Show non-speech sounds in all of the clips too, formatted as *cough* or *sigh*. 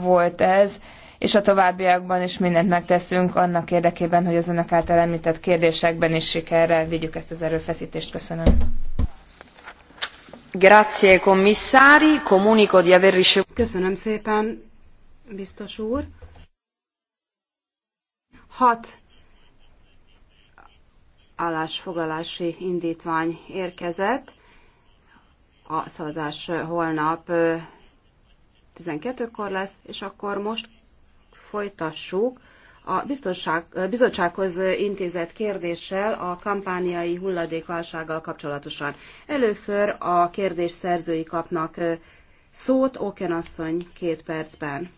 volt ez, és a továbbiakban is mindent megteszünk annak érdekében, hogy az önök által említett kérdésekben is sikerrel vigyük ezt az erőfeszítést. Köszönöm. Grazie, commissari. Comunico di aver ricevuto. Köszönöm szépen, biztos úr. Hat állásfoglalási indítvány érkezett. A szavazás holnap 12-kor lesz, és akkor most folytassuk a biztonság, bizottsághoz intézett kérdéssel a kampániai hulladékválsággal kapcsolatosan. Először a kérdés szerzői kapnak szót, Oken asszony két percben.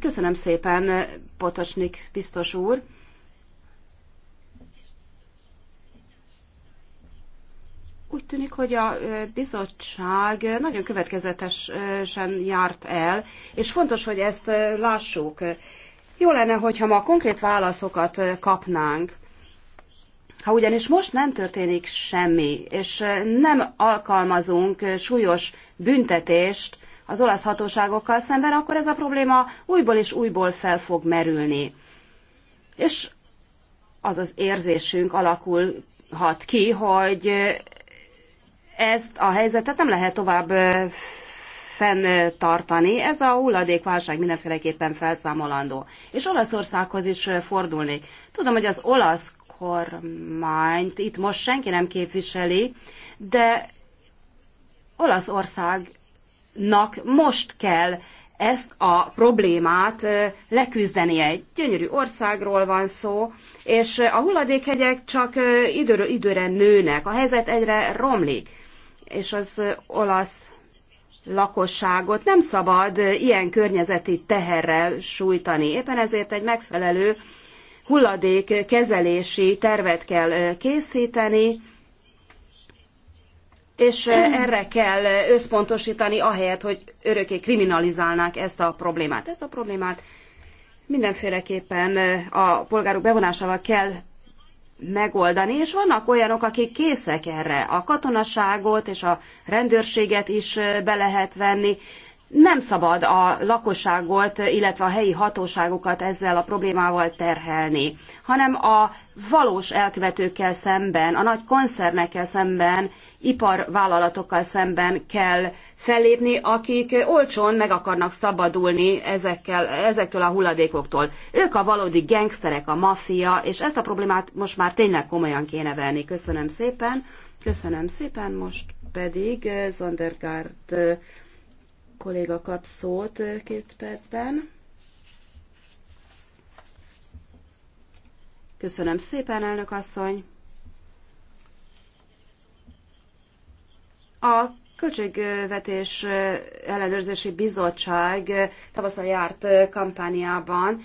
Köszönöm szépen, Potosnik biztos úr. Úgy tűnik, hogy a bizottság nagyon következetesen járt el, és fontos, hogy ezt lássuk. Jó lenne, hogyha ma konkrét válaszokat kapnánk. Ha ugyanis most nem történik semmi, és nem alkalmazunk súlyos büntetést az olasz hatóságokkal szemben, akkor ez a probléma újból és újból fel fog merülni. És az az érzésünk alakulhat ki, hogy ezt a helyzetet nem lehet tovább fenntartani. Ez a hulladékválság mindenféleképpen felszámolandó. És Olaszországhoz is fordulnék. Tudom, hogy az olasz kormányt itt most senki nem képviseli, de Olaszországnak most kell ezt a problémát leküzdeni Egy gyönyörű országról van szó, és a hulladékhegyek csak időről időre nőnek, a helyzet egyre romlik és az olasz lakosságot nem szabad ilyen környezeti teherrel sújtani. Éppen ezért egy megfelelő hulladékkezelési tervet kell készíteni, és erre kell összpontosítani, ahelyett, hogy örökké kriminalizálnák ezt a problémát. Ezt a problémát mindenféleképpen a polgárok bevonásával kell megoldani, és vannak olyanok, akik készek erre. A katonaságot és a rendőrséget is be lehet venni nem szabad a lakosságot, illetve a helyi hatóságokat ezzel a problémával terhelni, hanem a valós elkövetőkkel szemben, a nagy koncernekkel szemben, iparvállalatokkal szemben kell fellépni, akik olcsón meg akarnak szabadulni ezekkel, ezektől a hulladékoktól. Ők a valódi gengszterek, a maffia, és ezt a problémát most már tényleg komolyan kéne venni. Köszönöm szépen. Köszönöm szépen, most pedig Zondergaard kolléga kap szót két percben. Köszönöm szépen, elnök asszony. A Költségvetés ellenőrzési bizottság tavaszon járt kampányában,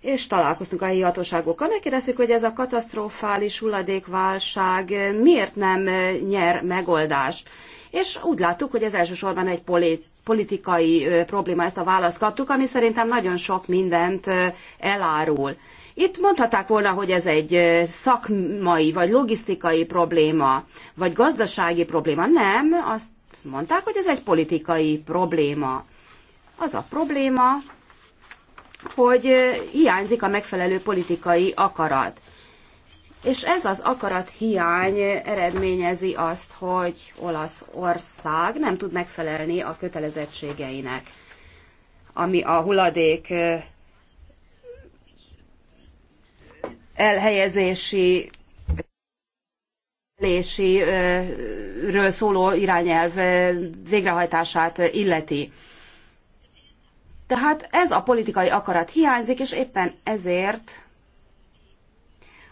és találkoztunk a hihatóságokkal. Megkérdeztük, hogy ez a katasztrofális hulladékválság miért nem nyer megoldást. És úgy láttuk, hogy ez elsősorban egy politikai politikai probléma, ezt a választ kaptuk, ami szerintem nagyon sok mindent elárul. Itt mondhatták volna, hogy ez egy szakmai vagy logisztikai probléma, vagy gazdasági probléma. Nem, azt mondták, hogy ez egy politikai probléma. Az a probléma, hogy hiányzik a megfelelő politikai akarat. És ez az akarat hiány eredményezi azt, hogy Olaszország nem tud megfelelni a kötelezettségeinek, ami a hulladék elhelyezési ről szóló irányelv végrehajtását illeti. Tehát ez a politikai akarat hiányzik, és éppen ezért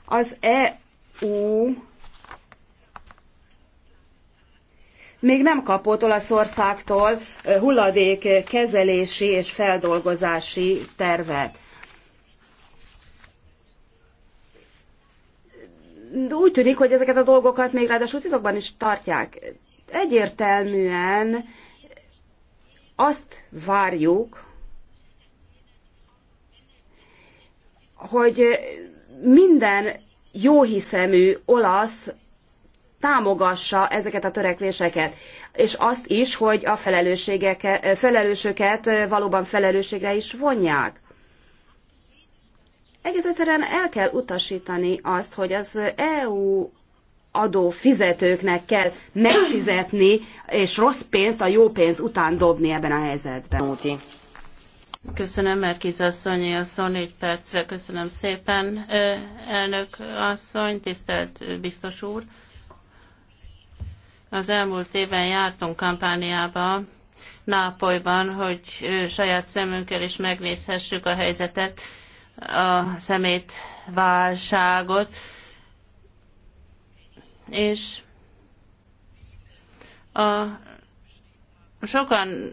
az EU még nem kapott Olaszországtól kezelési és feldolgozási tervet. Úgy tűnik, hogy ezeket a dolgokat még ráadásul titokban is tartják. Egyértelműen azt várjuk, hogy minden jóhiszemű olasz támogassa ezeket a törekvéseket, és azt is, hogy a eh, felelősöket eh, valóban felelősségre is vonják. Egész egyszerűen el kell utasítani azt, hogy az EU adófizetőknek kell megfizetni, és rossz pénzt a jó pénz után dobni ebben a helyzetben. Köszönöm, Merkiz asszony, a szó négy percre. Köszönöm szépen, elnök asszony, tisztelt biztos úr. Az elmúlt éven jártunk kampányába Nápolyban, hogy saját szemünkkel is megnézhessük a helyzetet, a szemét válságot, és a sokan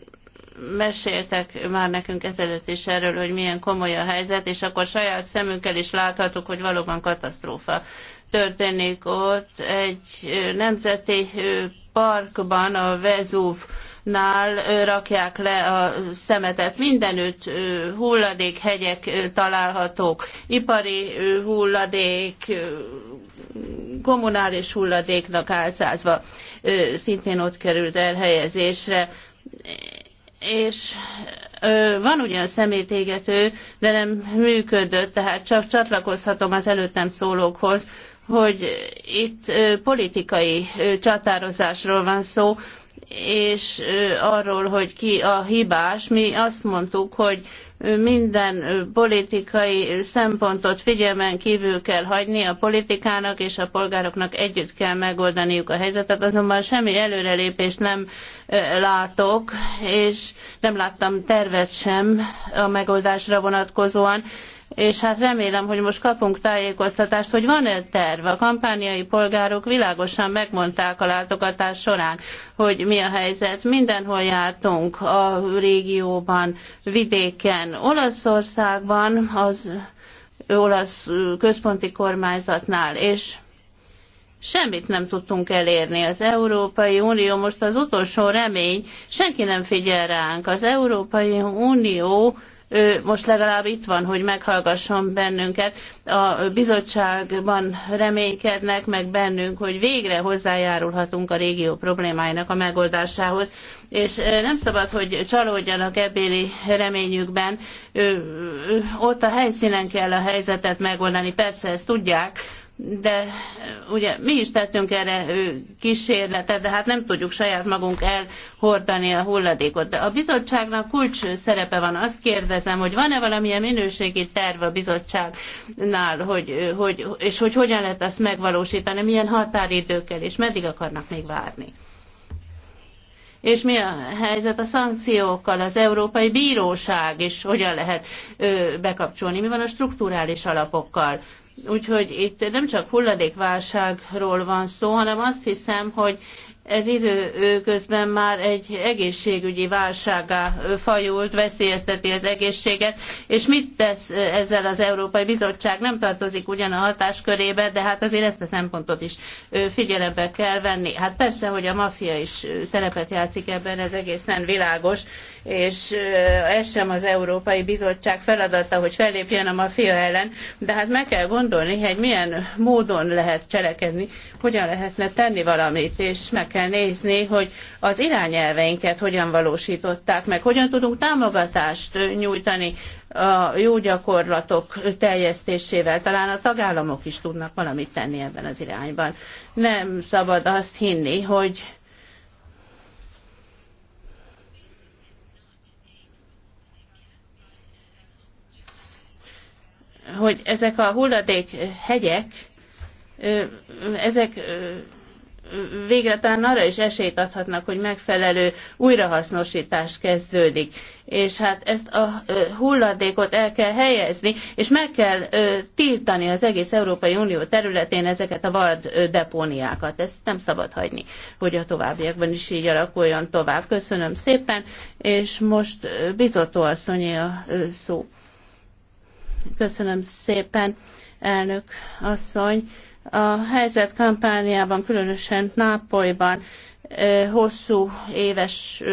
meséltek már nekünk ezelőtt is erről, hogy milyen komoly a helyzet, és akkor saját szemünkkel is láthatjuk, hogy valóban katasztrófa történik ott. Egy nemzeti parkban a Vezúv nál rakják le a szemetet. mindenütt hulladék, hegyek találhatók, ipari hulladék, kommunális hulladéknak álcázva szintén ott került elhelyezésre és van ugye szemétégető, de nem működött, tehát csak csatlakozhatom az előttem szólókhoz, hogy itt politikai csatározásról van szó, és arról, hogy ki a hibás, mi azt mondtuk, hogy minden politikai szempontot figyelmen kívül kell hagyni, a politikának és a polgároknak együtt kell megoldaniuk a helyzetet, azonban semmi előrelépést nem látok, és nem láttam tervet sem a megoldásra vonatkozóan, és hát remélem, hogy most kapunk tájékoztatást, hogy van-e terv. A kampániai polgárok világosan megmondták a látogatás során, hogy mi a helyzet. Mindenhol jártunk a régióban, vidéken, Olaszországban, az olasz központi kormányzatnál, és semmit nem tudtunk elérni. Az Európai Unió most az utolsó remény, senki nem figyel ránk. Az Európai Unió most legalább itt van, hogy meghallgasson bennünket. A bizottságban reménykednek meg bennünk, hogy végre hozzájárulhatunk a régió problémáinak a megoldásához, és nem szabad, hogy csalódjanak ebbéli reményükben. Ott a helyszínen kell a helyzetet megoldani, persze ezt tudják, de ugye mi is tettünk erre kísérletet, de hát nem tudjuk saját magunk elhordani a hulladékot. De a bizottságnak kulcs szerepe van. Azt kérdezem, hogy van-e valamilyen minőségi terv a bizottságnál, hogy, hogy, és hogy hogyan lehet azt megvalósítani, milyen határidőkkel, és meddig akarnak még várni? És mi a helyzet a szankciókkal, az Európai Bíróság is hogyan lehet ö, bekapcsolni? Mi van a strukturális alapokkal? Úgyhogy itt nem csak hulladékválságról van szó, hanem azt hiszem, hogy ez időközben már egy egészségügyi válságá fajult, veszélyezteti az egészséget, és mit tesz ezzel az Európai Bizottság? Nem tartozik ugyan a hatáskörébe, de hát azért ezt a szempontot is figyelembe kell venni. Hát persze, hogy a maffia is szerepet játszik ebben, ez egészen világos, és ez sem az Európai Bizottság feladata, hogy fellépjen a maffia ellen, de hát meg kell gondolni, hogy milyen módon lehet cselekedni, hogyan lehetne tenni valamit, és meg kell kell nézni, hogy az irányelveinket hogyan valósították meg, hogyan tudunk támogatást nyújtani a jó gyakorlatok teljesztésével. Talán a tagállamok is tudnak valamit tenni ebben az irányban. Nem szabad azt hinni, hogy hogy ezek a hulladék hegyek, ezek végre talán arra is esélyt adhatnak, hogy megfelelő újrahasznosítás kezdődik. És hát ezt a hulladékot el kell helyezni, és meg kell tiltani az egész Európai Unió területén ezeket a vad depóniákat. Ezt nem szabad hagyni, hogy a továbbiakban is így alakuljon tovább. Köszönöm szépen, és most Bizotó asszonyé a szó. Köszönöm szépen, elnök asszony a helyzet kampániában, különösen Nápolyban hosszú éves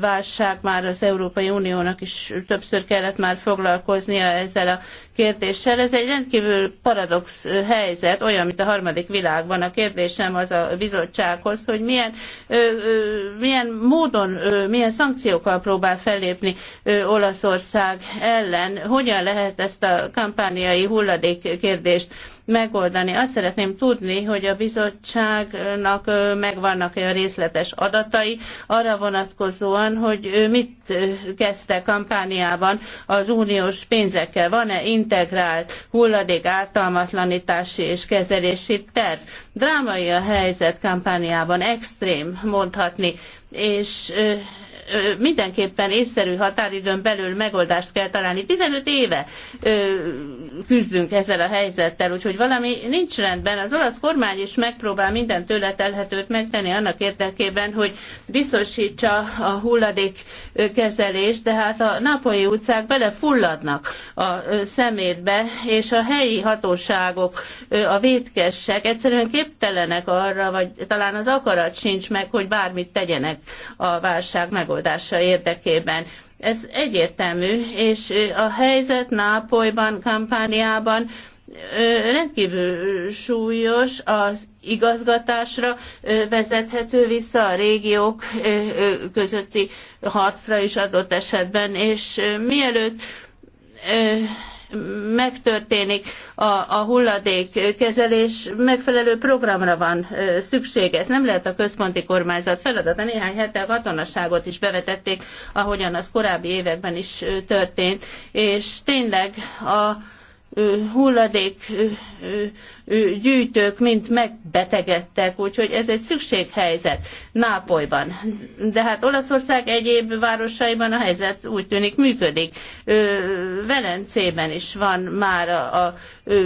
válság már az Európai Uniónak is többször kellett már foglalkoznia ezzel a kérdéssel. Ez egy rendkívül paradox helyzet, olyan, mint a harmadik világban. A kérdésem az a bizottsághoz, hogy milyen, milyen módon, milyen szankciókkal próbál fellépni Olaszország ellen, hogyan lehet ezt a kampániai hulladék kérdést megoldani. Azt szeretném tudni, hogy a bizottságnak megvannak-e a részletes adatai arra vonatkozóan, hogy mit kezdte kampániában az uniós pénzekkel. Van-e integrált hulladék ártalmatlanítási és kezelési terv? Drámai a helyzet kampániában, extrém mondhatni, és mindenképpen észszerű határidőn belül megoldást kell találni. 15 éve küzdünk ezzel a helyzettel, úgyhogy valami nincs rendben. Az olasz kormány is megpróbál minden tőle telhetőt megtenni annak érdekében, hogy biztosítsa a hulladék kezelést, de hát a napolyi utcák belefulladnak a szemétbe, és a helyi hatóságok, a vétkesek egyszerűen képtelenek arra, vagy talán az akarat sincs meg, hogy bármit tegyenek a válság megoldására megoldása érdekében. Ez egyértelmű, és a helyzet Nápolyban, Kampániában rendkívül súlyos az igazgatásra vezethető vissza a régiók közötti harcra is adott esetben, és mielőtt megtörténik a, a hulladékkezelés, megfelelő programra van szükség. Ez nem lehet a központi kormányzat feladata. Néhány hete a katonaságot is bevetették, ahogyan az korábbi években is történt, és tényleg a hulladék gyűjtők mind megbetegedtek, úgyhogy ez egy szükséghelyzet. Nápolyban. De hát Olaszország egyéb városaiban a helyzet úgy tűnik működik. Ö, Velencében is van már a, a ö,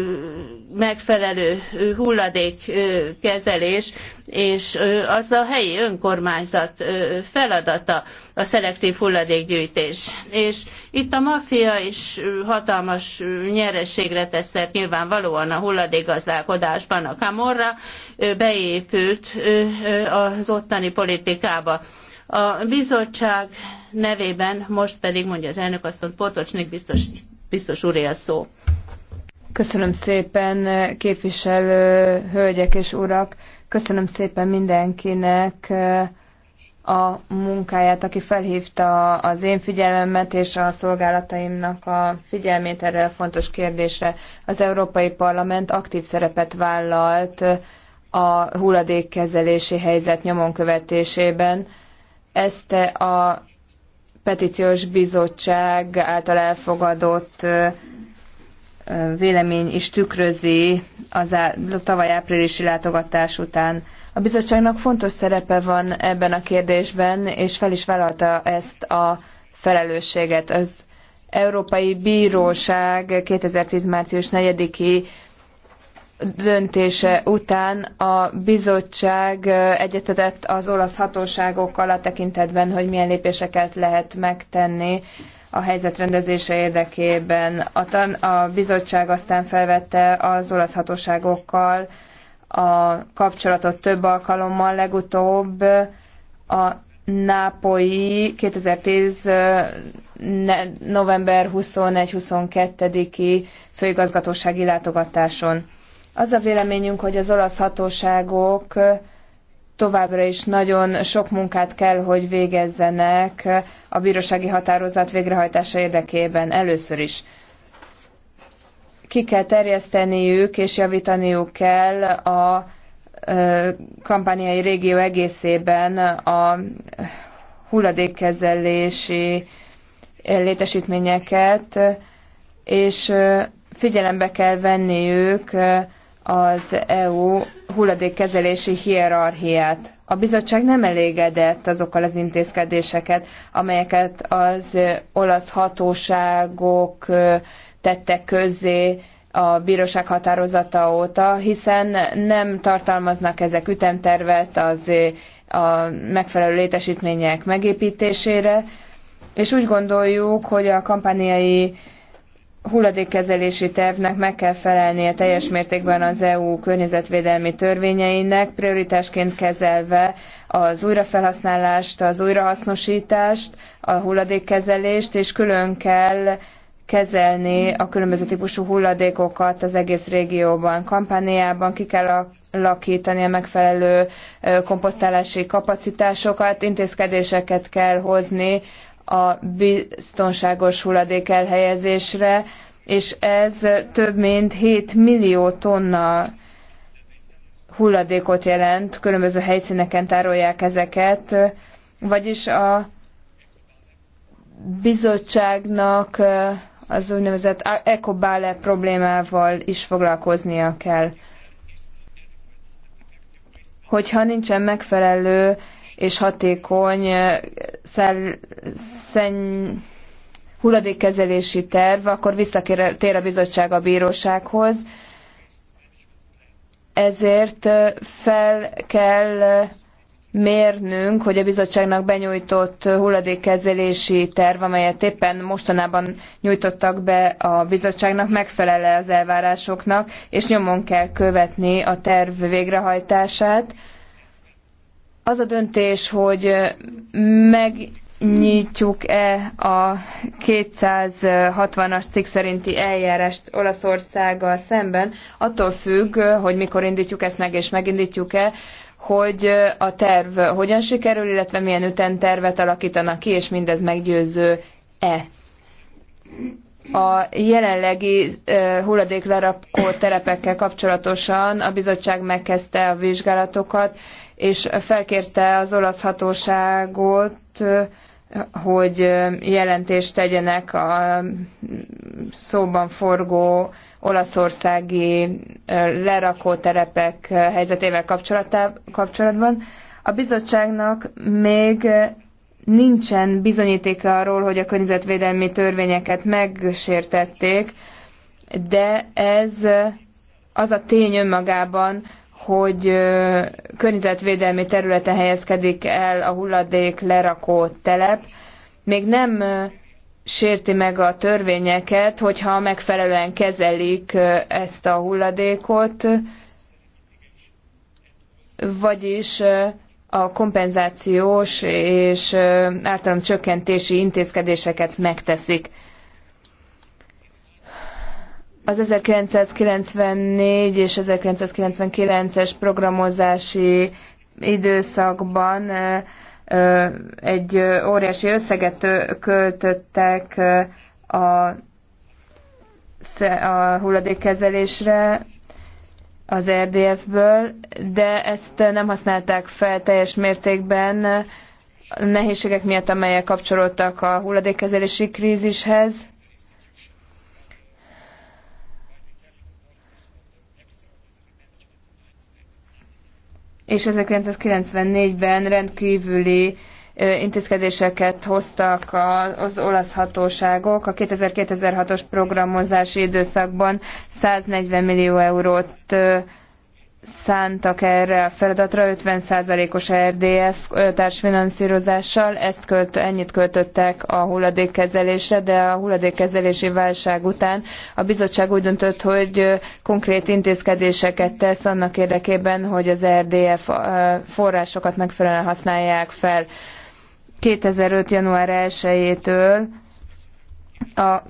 megfelelő hulladékkezelés, és az a helyi önkormányzat feladata a szelektív hulladékgyűjtés. És itt a maffia is hatalmas nyereségre tesz szert nyilvánvalóan a hulladékgazdálkodásban. A Camorra beépült az ottani mostani politikába. A bizottság nevében most pedig mondja az elnök asszony Potocsnik biztos, biztos úré a szó. Köszönöm szépen képviselő hölgyek és urak, köszönöm szépen mindenkinek eh, a munkáját, aki felhívta az én figyelmemet és a szolgálataimnak a figyelmét erre a fontos kérdésre. Az Európai Parlament aktív szerepet vállalt a hulladékkezelési helyzet nyomon követésében. Ezt a petíciós bizottság által elfogadott vélemény is tükrözi az á, tavaly áprilisi látogatás után. A bizottságnak fontos szerepe van ebben a kérdésben, és fel is vállalta ezt a felelősséget. Az Európai Bíróság 2010. március 4-i döntése után a bizottság egyetetett az olasz hatóságokkal a tekintetben, hogy milyen lépéseket lehet megtenni a helyzet rendezése érdekében. A, tan- a bizottság aztán felvette az olasz hatóságokkal a kapcsolatot több alkalommal, legutóbb a nápolyi 2010 november 21-22-i főigazgatósági látogatáson. Az a véleményünk, hogy az olasz hatóságok továbbra is nagyon sok munkát kell, hogy végezzenek a bírósági határozat végrehajtása érdekében először is. Ki kell terjeszteniük és javítaniuk kell a kampányai régió egészében a hulladékkezelési létesítményeket, és figyelembe kell venniük ők az EU hulladékkezelési hierarchiát. A bizottság nem elégedett azokkal az intézkedéseket, amelyeket az olasz hatóságok tettek közzé a bíróság határozata óta, hiszen nem tartalmaznak ezek ütemtervet az a megfelelő létesítmények megépítésére, és úgy gondoljuk, hogy a kampányai hulladékkezelési tervnek meg kell felelnie teljes mértékben az EU környezetvédelmi törvényeinek, prioritásként kezelve az újrafelhasználást, az újrahasznosítást, a hulladékkezelést, és külön kell kezelni a különböző típusú hulladékokat az egész régióban. Kampániában ki kell lakítani a megfelelő komposztálási kapacitásokat, intézkedéseket kell hozni a biztonságos hulladék elhelyezésre, és ez több mint 7 millió tonna hulladékot jelent, különböző helyszíneken tárolják ezeket, vagyis a bizottságnak az úgynevezett ekobále problémával is foglalkoznia kell. Hogyha nincsen megfelelő és hatékony eh, szer, szenny, hulladékkezelési terv, akkor visszatér a bizottság a bírósághoz. Ezért eh, fel kell eh, mérnünk, hogy a bizottságnak benyújtott hulladékkezelési terv, amelyet éppen mostanában nyújtottak be a bizottságnak, megfelele az elvárásoknak, és nyomon kell követni a terv végrehajtását az a döntés, hogy megnyitjuk-e a 260-as cikk szerinti eljárást Olaszországgal szemben, attól függ, hogy mikor indítjuk ezt meg, és megindítjuk-e, hogy a terv hogyan sikerül, illetve milyen tervet alakítanak ki, és mindez meggyőző-e. A jelenlegi hulladéklerakó telepekkel kapcsolatosan a bizottság megkezdte a vizsgálatokat, és felkérte az olasz hatóságot, hogy jelentést tegyenek a szóban forgó olaszországi lerakóterepek helyzetével kapcsolatban. A bizottságnak még nincsen bizonyítéka arról, hogy a környezetvédelmi törvényeket megsértették, de ez az a tény önmagában hogy környezetvédelmi területen helyezkedik el a hulladék lerakó telep, még nem sérti meg a törvényeket, hogyha megfelelően kezelik ezt a hulladékot, vagyis a kompenzációs és ártalomcsökkentési intézkedéseket megteszik az 1994 és 1999-es programozási időszakban egy óriási összeget költöttek a, a hulladékkezelésre az RDF-ből, de ezt nem használták fel teljes mértékben nehézségek miatt, amelyek kapcsolódtak a hulladékkezelési krízishez és 1994-ben rendkívüli intézkedéseket hoztak az olasz hatóságok. A 2000-2006-os programozási időszakban 140 millió eurót szántak erre a feladatra 50%-os RDF társfinanszírozással, ezt költ, ennyit költöttek a hulladékkezelésre, de a hulladékkezelési válság után a bizottság úgy döntött, hogy konkrét intézkedéseket tesz annak érdekében, hogy az RDF forrásokat megfelelően használják fel. 2005. január 1-től a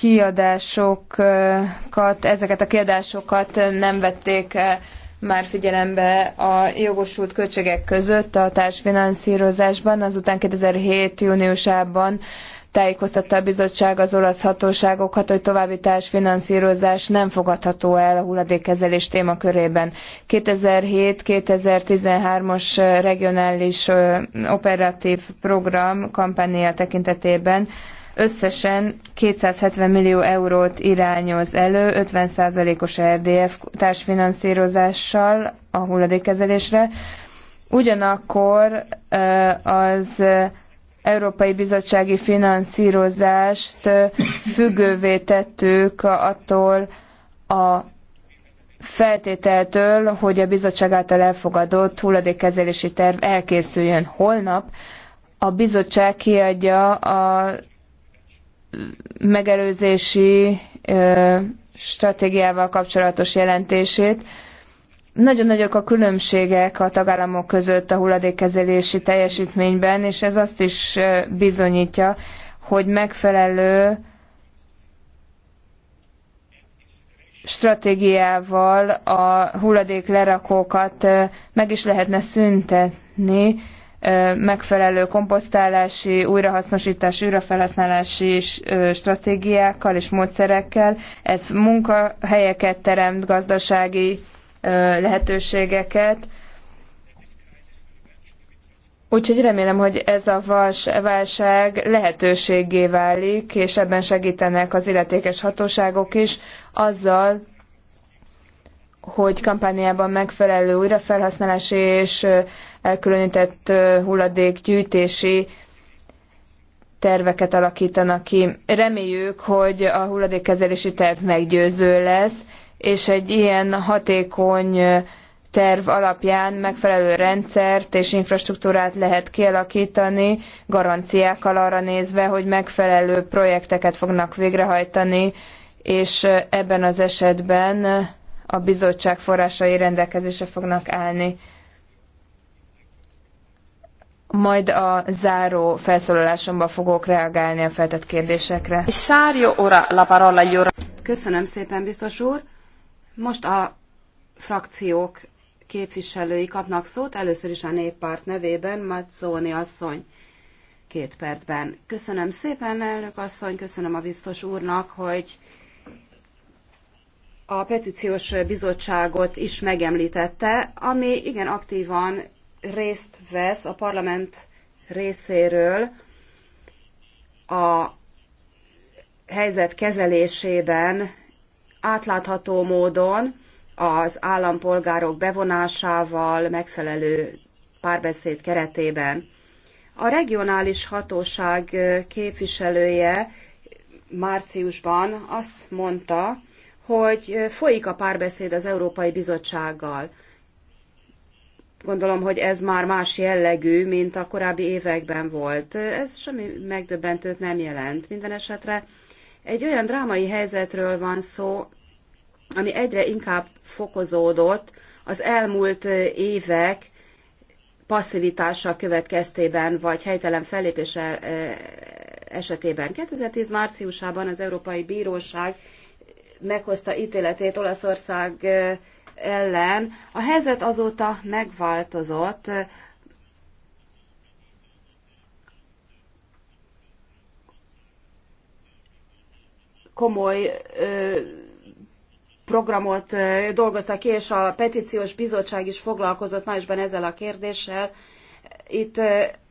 kiadásokat, ezeket a kiadásokat nem vették eh, már figyelembe a jogosult költségek között a társfinanszírozásban, azután 2007. júniusában tájékoztatta a bizottság az olasz hatóságokat, hogy további társfinanszírozás nem fogadható el a hulladékkezelés témakörében. 2007-2013-as regionális operatív program kampánia tekintetében összesen 270 millió eurót irányoz elő 50%-os RDF társfinanszírozással a hulladékkezelésre. Ugyanakkor az Európai Bizottsági finanszírozást függővé tettük attól a feltételtől, hogy a bizottság által elfogadott hulladékkezelési terv elkészüljön holnap. A bizottság kiadja a megelőzési stratégiával kapcsolatos jelentését. Nagyon nagyok a különbségek a tagállamok között a hulladékkezelési teljesítményben, és ez azt is bizonyítja, hogy megfelelő stratégiával a hulladék lerakókat meg is lehetne szüntetni, megfelelő komposztálási, újrahasznosítási, újrafelhasználási stratégiákkal és módszerekkel. Ez munkahelyeket teremt, gazdasági lehetőségeket. Úgyhogy remélem, hogy ez a válság lehetőségé válik, és ebben segítenek az illetékes hatóságok is, azzal, hogy kampányában megfelelő újrafelhasználási és elkülönített hulladékgyűjtési terveket alakítanak ki. Reméljük, hogy a hulladékkezelési terv meggyőző lesz, és egy ilyen hatékony terv alapján megfelelő rendszert és infrastruktúrát lehet kialakítani, garanciákkal arra nézve, hogy megfelelő projekteket fognak végrehajtani, és ebben az esetben a bizottság forrásai rendelkezésre fognak állni majd a záró felszólalásomban fogok reagálni a feltett kérdésekre. ora la parola gli Köszönöm szépen, biztos úr. Most a frakciók képviselői kapnak szót, először is a néppárt nevében, Mazzoni asszony két percben. Köszönöm szépen, elnök asszony, köszönöm a biztos úrnak, hogy a petíciós bizottságot is megemlítette, ami igen aktívan részt vesz a parlament részéről a helyzet kezelésében átlátható módon az állampolgárok bevonásával megfelelő párbeszéd keretében. A regionális hatóság képviselője márciusban azt mondta, hogy folyik a párbeszéd az Európai Bizottsággal. Gondolom, hogy ez már más jellegű, mint a korábbi években volt. Ez semmi megdöbbentőt nem jelent. Minden esetre egy olyan drámai helyzetről van szó, ami egyre inkább fokozódott az elmúlt évek passzivitása következtében, vagy helytelen fellépése eh, esetében. 2010 márciusában az Európai Bíróság meghozta ítéletét Olaszország eh, ellen. A helyzet azóta megváltozott. Komoly programot dolgoztak ki, és a petíciós bizottság is foglalkozott májusban ezzel a kérdéssel. Itt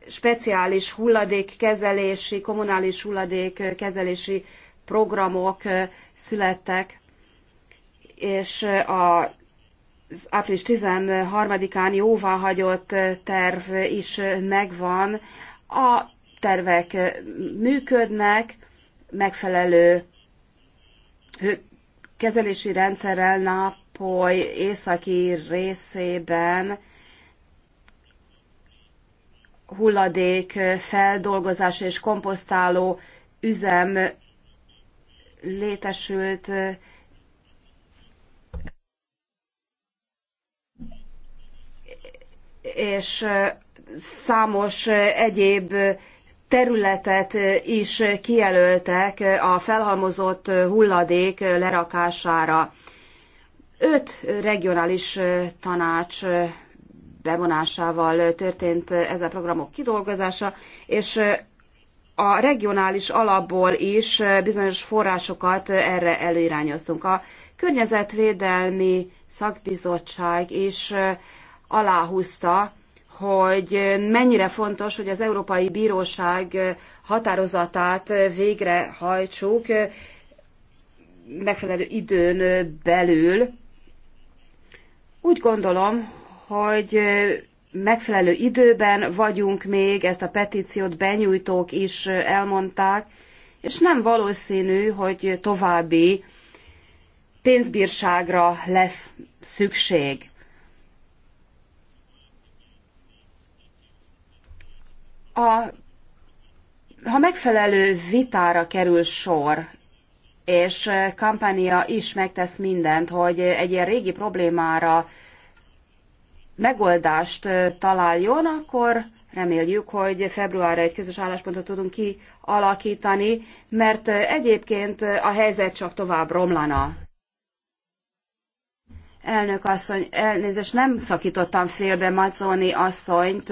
speciális hulladékkezelési, kommunális hulladékkezelési programok születtek, és a az április 13-án jóváhagyott terv is megvan. A tervek működnek, megfelelő kezelési rendszerrel Nápoly északi részében hulladék feldolgozás és komposztáló üzem létesült és számos egyéb területet is kijelöltek a felhalmozott hulladék lerakására. Öt regionális tanács bevonásával történt ez a programok kidolgozása, és a regionális alapból is bizonyos forrásokat erre előirányoztunk. A környezetvédelmi szakbizottság is aláhúzta, hogy mennyire fontos, hogy az Európai Bíróság határozatát végrehajtsuk megfelelő időn belül. Úgy gondolom, hogy megfelelő időben vagyunk még, ezt a petíciót benyújtók is elmondták, és nem valószínű, hogy további pénzbírságra lesz szükség. A, ha megfelelő vitára kerül sor, és kampánia is megtesz mindent, hogy egy ilyen régi problémára megoldást találjon, akkor reméljük, hogy februárra egy közös álláspontot tudunk kialakítani, mert egyébként a helyzet csak tovább romlana. Elnök asszony, elnézést, nem szakítottam félbe Mazzoni asszonyt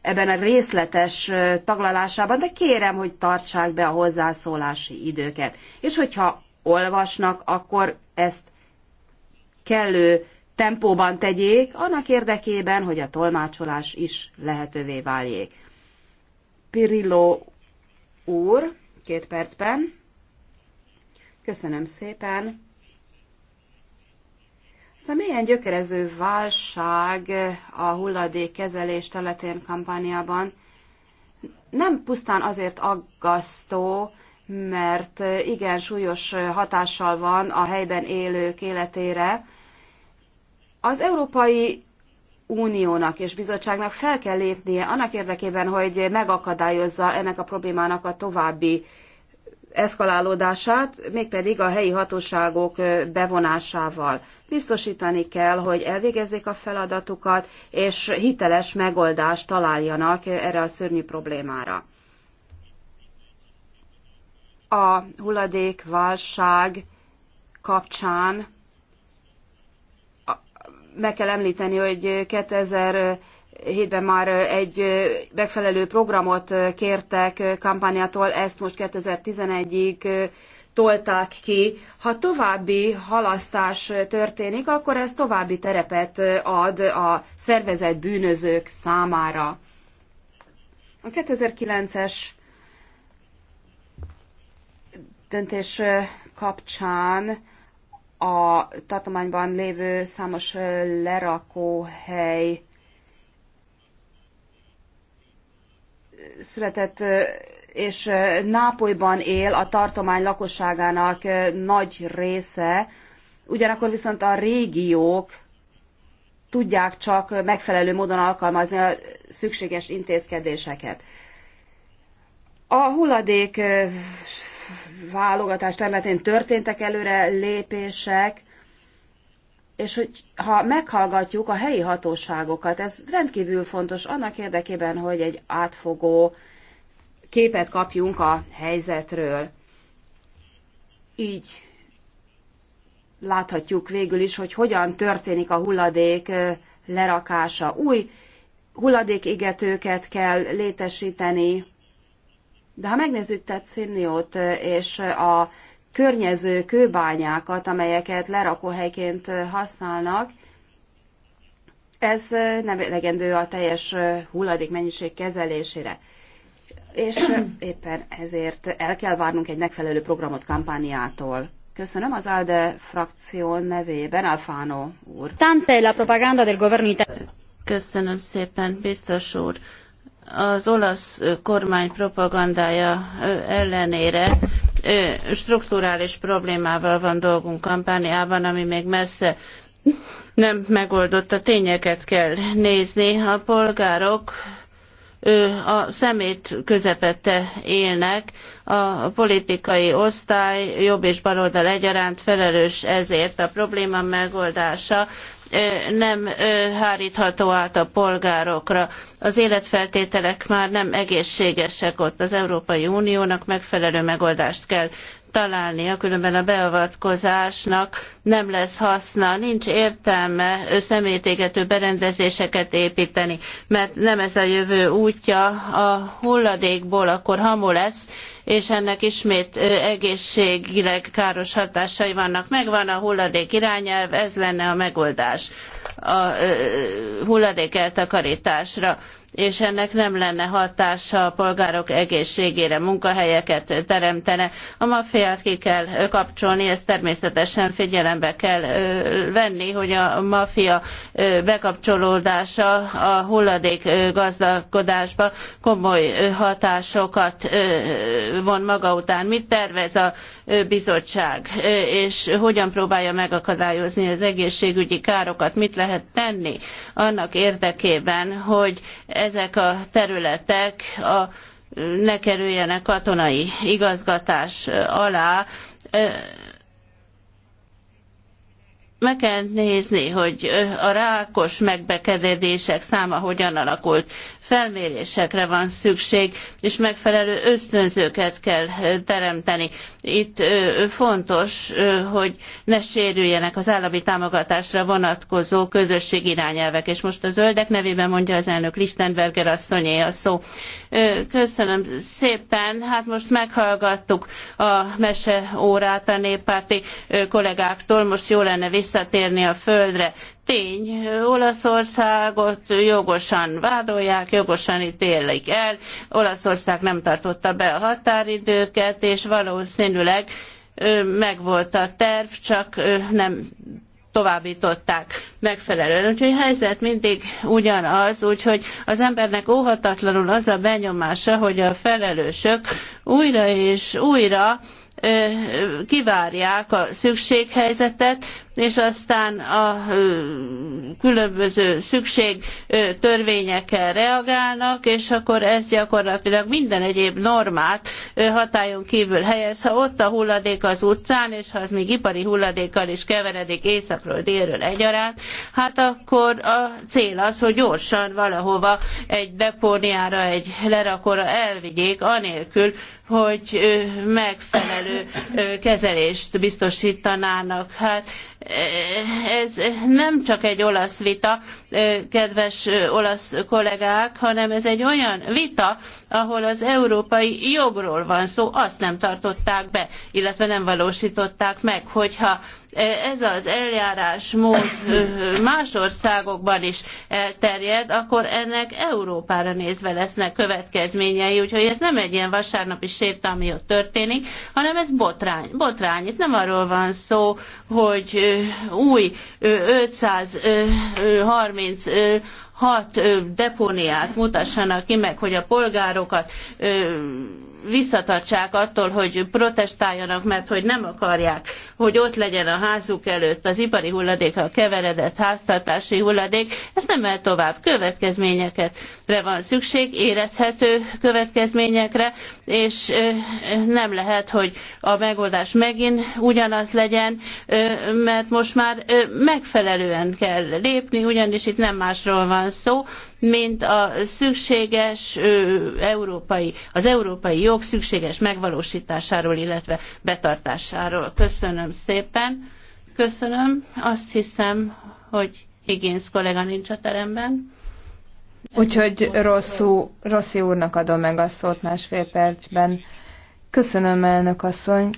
ebben a részletes taglalásában, de kérem, hogy tartsák be a hozzászólási időket. És hogyha olvasnak, akkor ezt kellő tempóban tegyék, annak érdekében, hogy a tolmácsolás is lehetővé váljék. Pirillo úr, két percben. Köszönöm szépen. Aztán szóval milyen gyökerező válság a kezelés teletén kampányában. Nem pusztán azért aggasztó, mert igen súlyos hatással van a helyben élők életére. Az Európai Uniónak és bizottságnak fel kell lépnie annak érdekében, hogy megakadályozza ennek a problémának a további eszkalálódását, mégpedig a helyi hatóságok bevonásával. Biztosítani kell, hogy elvégezzék a feladatukat, és hiteles megoldást találjanak erre a szörnyű problémára. A hulladékválság kapcsán meg kell említeni, hogy 2000 hétben már egy megfelelő programot kértek kampányától, ezt most 2011-ig tolták ki. Ha további halasztás történik, akkor ez további terepet ad a szervezett bűnözők számára. A 2009-es döntés kapcsán a tartományban lévő számos lerakóhely született és Nápolyban él a tartomány lakosságának nagy része, ugyanakkor viszont a régiók tudják csak megfelelő módon alkalmazni a szükséges intézkedéseket. A hulladék válogatás területén történtek előre lépések, és hogy ha meghallgatjuk a helyi hatóságokat, ez rendkívül fontos annak érdekében, hogy egy átfogó képet kapjunk a helyzetről. Így láthatjuk végül is, hogy hogyan történik a hulladék lerakása. Új hulladékigetőket kell létesíteni, de ha megnézzük Tetsziniót és a környező kőbányákat, amelyeket lerakóhelyként használnak, ez nem elegendő a teljes hulladékmennyiség kezelésére. És *clears throat* éppen ezért el kell várnunk egy megfelelő programot kampániától. Köszönöm az ALDE frakció nevében, Alfano úr. Tante la propaganda del governo Köszönöm szépen, biztos úr az olasz kormány propagandája ellenére strukturális problémával van dolgunk kampániában, ami még messze nem megoldott. A tényeket kell nézni. A polgárok a szemét közepette élnek, a politikai osztály jobb és baloldal egyaránt felelős ezért a probléma megoldása nem hárítható át a polgárokra. Az életfeltételek már nem egészségesek ott. Az Európai Uniónak megfelelő megoldást kell találnia, különben a beavatkozásnak nem lesz haszna, nincs értelme szemétégető berendezéseket építeni, mert nem ez a jövő útja, a hulladékból akkor hamu lesz, és ennek ismét egészségileg káros hatásai vannak. Megvan a hulladék irányelv, ez lenne a megoldás a hulladék eltakarításra és ennek nem lenne hatása a polgárok egészségére, munkahelyeket teremtene. A maffiát ki kell kapcsolni, ezt természetesen figyelembe kell venni, hogy a maffia bekapcsolódása a hulladék gazdálkodásba komoly hatásokat von maga után. Mit tervez a bizottság, és hogyan próbálja megakadályozni az egészségügyi károkat, mit lehet tenni annak érdekében, hogy ezek a területek a, ne kerüljenek katonai igazgatás alá meg kell nézni, hogy a rákos megbetegedések száma hogyan alakult. Felmérésekre van szükség, és megfelelő ösztönzőket kell teremteni. Itt fontos, hogy ne sérüljenek az állami támogatásra vonatkozó közösség irányelvek. És most a zöldek nevében mondja az elnök Lichtenberger asszonyé a szó. Köszönöm szépen. Hát most meghallgattuk a meseórát a néppárti kollégáktól. Most jó lenne vissza visszatérni a földre. Tény, Olaszországot jogosan vádolják, jogosan ítélik el, Olaszország nem tartotta be a határidőket, és valószínűleg megvolt a terv, csak nem továbbították megfelelően. Úgyhogy a helyzet mindig ugyanaz, úgyhogy az embernek óhatatlanul az a benyomása, hogy a felelősök újra és újra kivárják a szükséghelyzetet, és aztán a különböző szükség törvényekkel reagálnak, és akkor ez gyakorlatilag minden egyéb normát hatályon kívül helyez. Ha ott a hulladék az utcán, és ha az még ipari hulladékkal is keveredik északról délről egyaránt, hát akkor a cél az, hogy gyorsan valahova egy depóniára, egy lerakóra elvigyék, anélkül, hogy megfelelő kezelést biztosítanának. Hát ez nem csak egy olasz vita, kedves olasz kollégák, hanem ez egy olyan vita, ahol az európai jogról van szó, azt nem tartották be, illetve nem valósították meg, hogyha ez az eljárásmód más országokban is elterjed, akkor ennek Európára nézve lesznek következményei, úgyhogy ez nem egy ilyen vasárnapi séta, ami ott történik, hanem ez botrány. Botrány. Itt nem arról van szó, hogy új 530 hat depóniát mutassanak ki, meg hogy a polgárokat visszatartsák attól, hogy protestáljanak, mert hogy nem akarják, hogy ott legyen a házuk előtt az ipari hulladék, a keveredett háztartási hulladék, ez nem mehet tovább. Következményekre van szükség, érezhető következményekre, és nem lehet, hogy a megoldás megint ugyanaz legyen, mert most már megfelelően kell lépni, ugyanis itt nem másról van szó, mint a szükséges európai, az európai jog szükséges megvalósításáról, illetve betartásáról. Köszönöm szépen. Köszönöm. Azt hiszem, hogy Higgins kollega nincs a teremben. Úgyhogy rosszú, Rossi úrnak adom meg a szót másfél percben. Köszönöm, elnök asszony.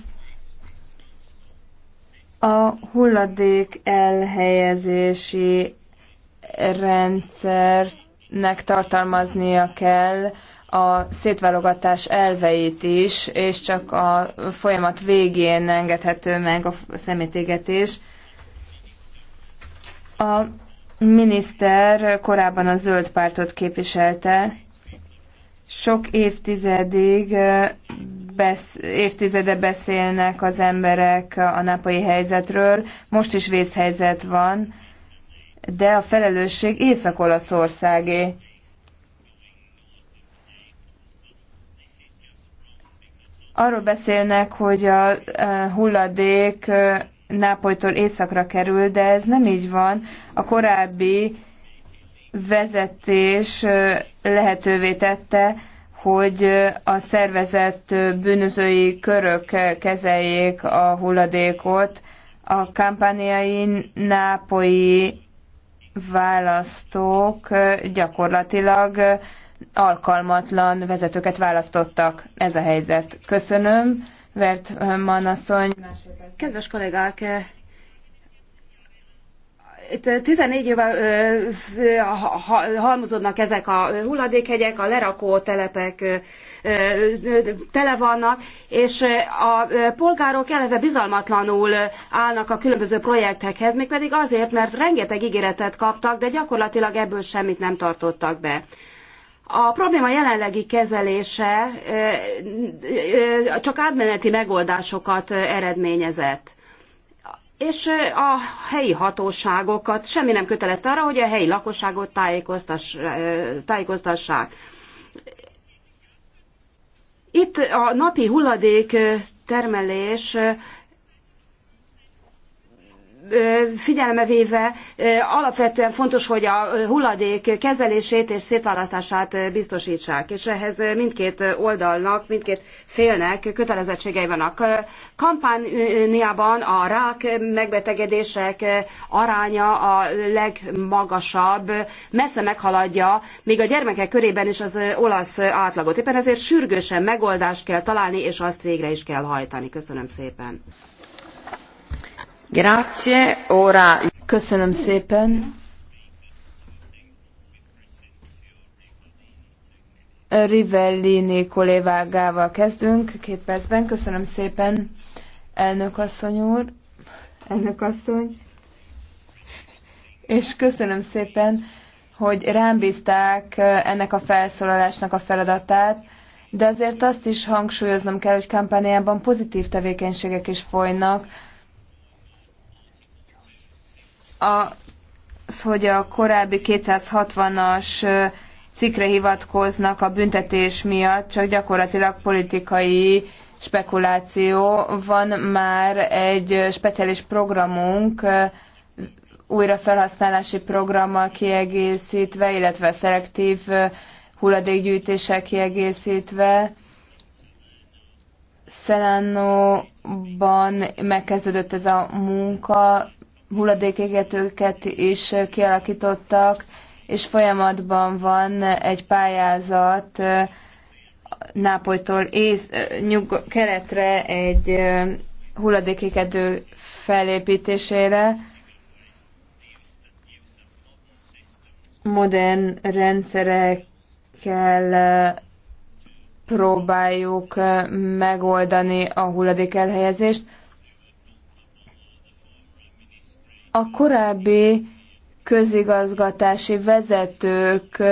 A hulladék elhelyezési rendszert nek tartalmaznia kell a szétválogatás elveit is, és csak a folyamat végén engedhető meg a szemétégetés. A miniszter korábban a zöld pártot képviselte, sok évtizedig besz, évtizede beszélnek az emberek a napai helyzetről, most is vészhelyzet van, de a felelősség Észak-Olaszországé. Arról beszélnek, hogy a hulladék Nápolytól északra kerül, de ez nem így van. A korábbi vezetés lehetővé tette, hogy a szervezett bűnözői körök kezeljék a hulladékot. A kampániai nápolyi választók gyakorlatilag alkalmatlan vezetőket választottak. Ez a helyzet. Köszönöm. Vert Manasszony. Kedves kollégák, itt 14 éve halmozódnak ezek a hulladékhegyek, a lerakó telepek tele vannak, és a polgárok eleve bizalmatlanul állnak a különböző projektekhez, mégpedig azért, mert rengeteg ígéretet kaptak, de gyakorlatilag ebből semmit nem tartottak be. A probléma jelenlegi kezelése csak átmeneti megoldásokat eredményezett és a helyi hatóságokat semmi nem kötelezte arra, hogy a helyi lakosságot tájékoztass, tájékoztassák. Itt a napi hulladék termelés figyelembe véve alapvetően fontos, hogy a hulladék kezelését és szétválasztását biztosítsák, és ehhez mindkét oldalnak, mindkét félnek kötelezettségei vannak. Kampániában a rák megbetegedések aránya a legmagasabb, messze meghaladja, még a gyermekek körében is az olasz átlagot. Éppen ezért sürgősen megoldást kell találni, és azt végre is kell hajtani. Köszönöm szépen. Grazie, ora... Köszönöm szépen. Rivellini kollévágával kezdünk, két percben. Köszönöm szépen, elnök asszony úr, elnök asszony. És köszönöm szépen, hogy rám bízták ennek a felszólalásnak a feladatát, de azért azt is hangsúlyoznom kell, hogy kampányában pozitív tevékenységek is folynak, az, hogy a korábbi 260-as cikkre hivatkoznak a büntetés miatt, csak gyakorlatilag politikai spekuláció. Van már egy speciális programunk, újrafelhasználási programmal kiegészítve, illetve szelektív hulladékgyűjtéssel kiegészítve. Szelánóban megkezdődött ez a munka, hulladékégetőket is kialakítottak, és folyamatban van egy pályázat Nápolytól ész, nyug, keletre egy hulladékégető felépítésére. Modern rendszerekkel próbáljuk megoldani a hulladék elhelyezést a korábbi közigazgatási vezetők,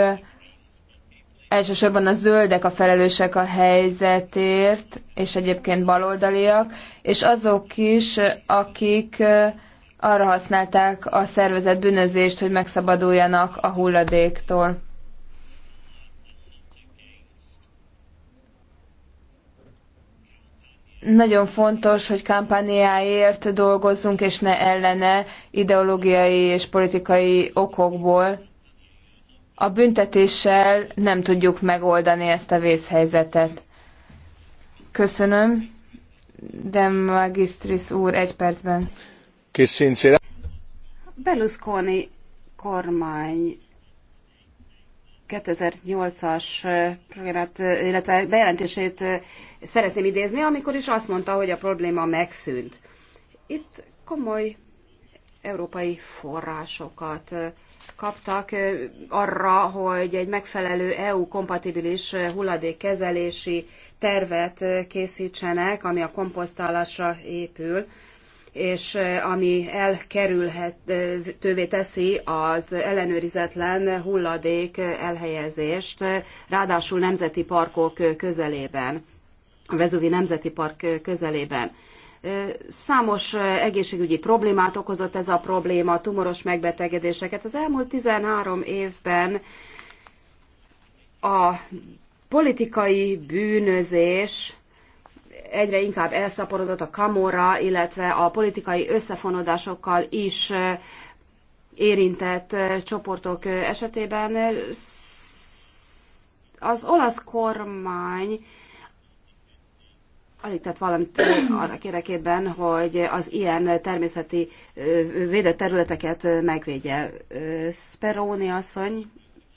elsősorban a zöldek a felelősek a helyzetért, és egyébként baloldaliak, és azok is, akik arra használták a szervezet bűnözést, hogy megszabaduljanak a hulladéktól. Nagyon fontos, hogy kampányáért dolgozzunk, és ne ellene ideológiai és politikai okokból. A büntetéssel nem tudjuk megoldani ezt a vészhelyzetet. Köszönöm, de Magistris úr egy percben. Berlusconi kormány 2008-as programját, illetve bejelentését szeretném idézni, amikor is azt mondta, hogy a probléma megszűnt. Itt komoly európai forrásokat kaptak arra, hogy egy megfelelő EU-kompatibilis hulladékkezelési tervet készítsenek, ami a komposztálásra épül és ami elkerülhetővé teszi az ellenőrizetlen hulladék elhelyezést, ráadásul nemzeti parkok közelében, a Vezúvi Nemzeti Park közelében. Számos egészségügyi problémát okozott ez a probléma, tumoros megbetegedéseket. Az elmúlt 13 évben a politikai bűnözés egyre inkább elszaporodott a kamorra, illetve a politikai összefonódásokkal is érintett csoportok esetében az olasz kormány alig tett valamit annak érdekében, hogy az ilyen természeti védett területeket megvédje. Speroni asszony,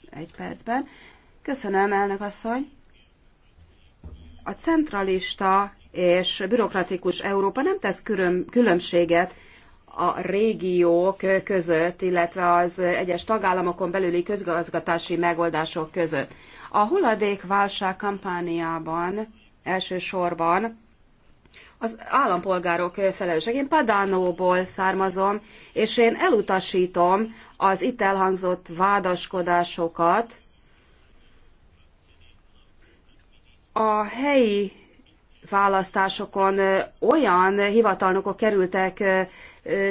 egy percben. Köszönöm, elnök asszony. A centralista és bürokratikus Európa nem tesz különbséget a régiók között, illetve az egyes tagállamokon belüli közgazgatási megoldások között. A hulladékválság kampányában elsősorban az állampolgárok felelősek. Én Padánóból származom, és én elutasítom az itt elhangzott vádaskodásokat. A helyi választásokon olyan hivatalnokok kerültek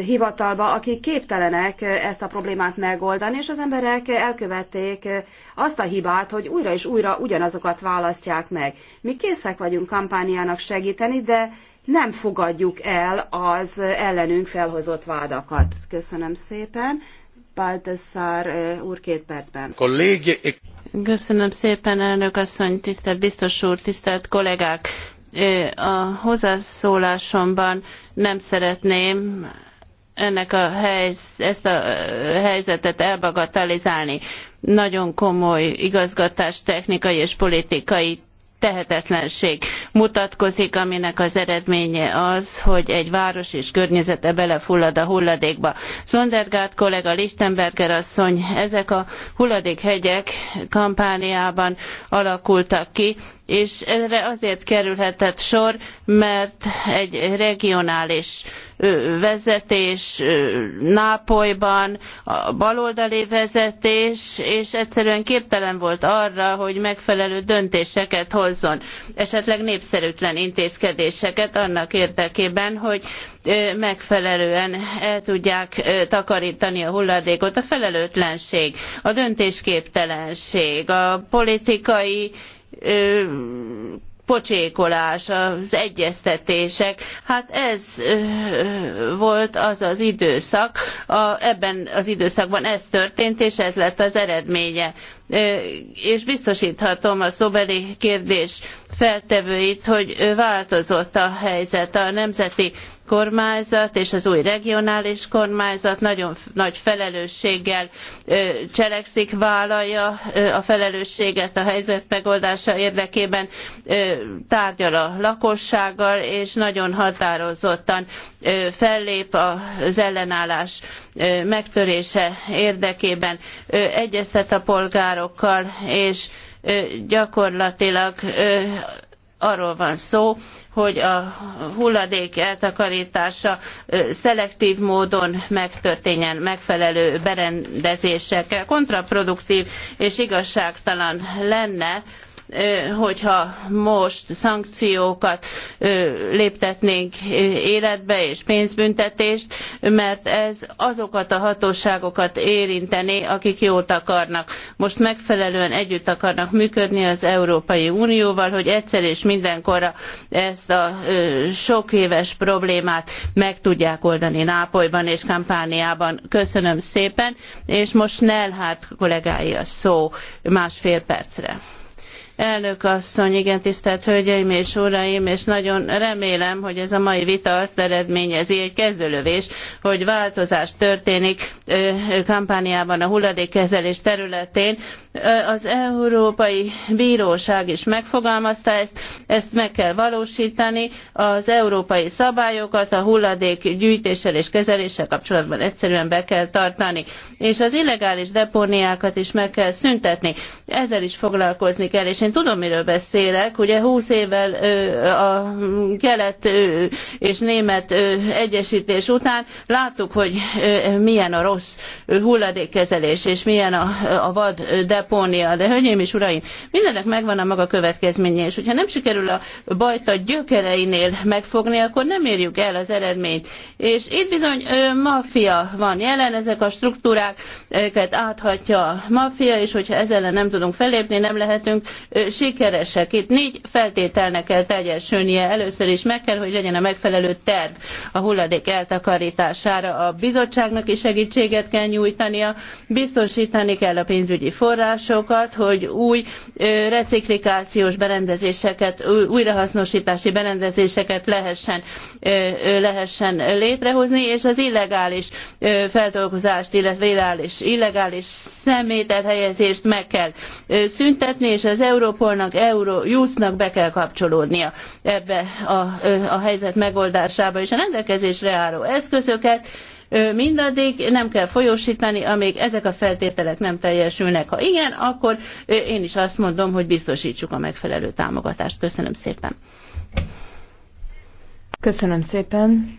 hivatalba, akik képtelenek ezt a problémát megoldani, és az emberek elkövették azt a hibát, hogy újra és újra ugyanazokat választják meg. Mi készek vagyunk kampániának segíteni, de nem fogadjuk el az ellenünk felhozott vádakat. Köszönöm szépen. Baldessar úr két percben. Kollégi... Köszönöm szépen, elnök asszony, tisztelt biztos úr, tisztelt kollégák! a hozzászólásomban nem szeretném ennek a helyz, ezt a helyzetet elbagatalizálni. Nagyon komoly igazgatás technikai és politikai tehetetlenség mutatkozik, aminek az eredménye az, hogy egy város és környezete belefullad a hulladékba. Zondergárt kollega, Lichtenberger asszony, ezek a hulladékhegyek kampániában alakultak ki, és erre azért kerülhetett sor, mert egy regionális vezetés Nápolyban, a baloldali vezetés, és egyszerűen képtelen volt arra, hogy megfelelő döntéseket hozzon, esetleg népszerűtlen intézkedéseket annak érdekében, hogy megfelelően el tudják takarítani a hulladékot. A felelőtlenség, a döntésképtelenség, a politikai pocsékolás, az egyeztetések. Hát ez volt az az időszak, a, ebben az időszakban ez történt, és ez lett az eredménye és biztosíthatom a szobeli kérdés feltevőit, hogy változott a helyzet. A nemzeti kormányzat és az új regionális kormányzat nagyon nagy felelősséggel cselekszik, vállalja a felelősséget a helyzet megoldása érdekében, tárgyal a lakossággal, és nagyon határozottan fellép az ellenállás megtörése érdekében egyeztet a polgárokkal, és gyakorlatilag arról van szó, hogy a hulladék eltakarítása szelektív módon megtörténjen megfelelő berendezésekkel. Kontraproduktív és igazságtalan lenne, hogyha most szankciókat léptetnénk életbe és pénzbüntetést, mert ez azokat a hatóságokat érintené, akik jót akarnak. Most megfelelően együtt akarnak működni az Európai Unióval, hogy egyszer és mindenkorra ezt a sok éves problémát meg tudják oldani Nápolyban és Kampániában. Köszönöm szépen, és most Nelhárt kollégái a szó másfél percre. Elnök asszony, igen, tisztelt Hölgyeim és Uraim, és nagyon remélem, hogy ez a mai vita azt eredményezi, egy kezdőlövés, hogy változás történik kampániában a hulladékkezelés területén. Az Európai Bíróság is megfogalmazta ezt, ezt meg kell valósítani. Az európai szabályokat a hulladék gyűjtéssel és kezeléssel kapcsolatban egyszerűen be kell tartani. És az illegális depóniákat is meg kell szüntetni. Ezzel is foglalkozni kell, és én tudom, miről beszélek. Ugye 20 évvel a kelet és német egyesítés után láttuk, hogy milyen a rossz hulladékkezelés, és milyen a, a vad depónia. De hölgyeim és uraim, mindennek megvan a maga következménye, és hogyha nem sikerül a bajta gyökereinél megfogni, akkor nem érjük el az eredményt. És itt bizony maffia van jelen, ezek a struktúrák, őket áthatja a maffia, és hogyha ezzel nem tudunk felépni, nem lehetünk sikeresek. Itt négy feltételnek kell teljesülnie. Először is meg kell, hogy legyen a megfelelő terv a hulladék eltakarítására. A bizottságnak is segítséget kell nyújtania, biztosítani kell a pénzügyi forrásokat, hogy új reciklikációs berendezéseket, újrahasznosítási berendezéseket lehessen, lehessen létrehozni, és az illegális feldolgozást, illetve illegális, illegális szemételhelyezést meg kell szüntetni, és az Euró Europolnak, Eurojustnak be kell kapcsolódnia ebbe a, a helyzet megoldásába, és a rendelkezésre álló eszközöket mindaddig nem kell folyósítani, amíg ezek a feltételek nem teljesülnek. Ha igen, akkor én is azt mondom, hogy biztosítsuk a megfelelő támogatást. Köszönöm szépen. Köszönöm szépen.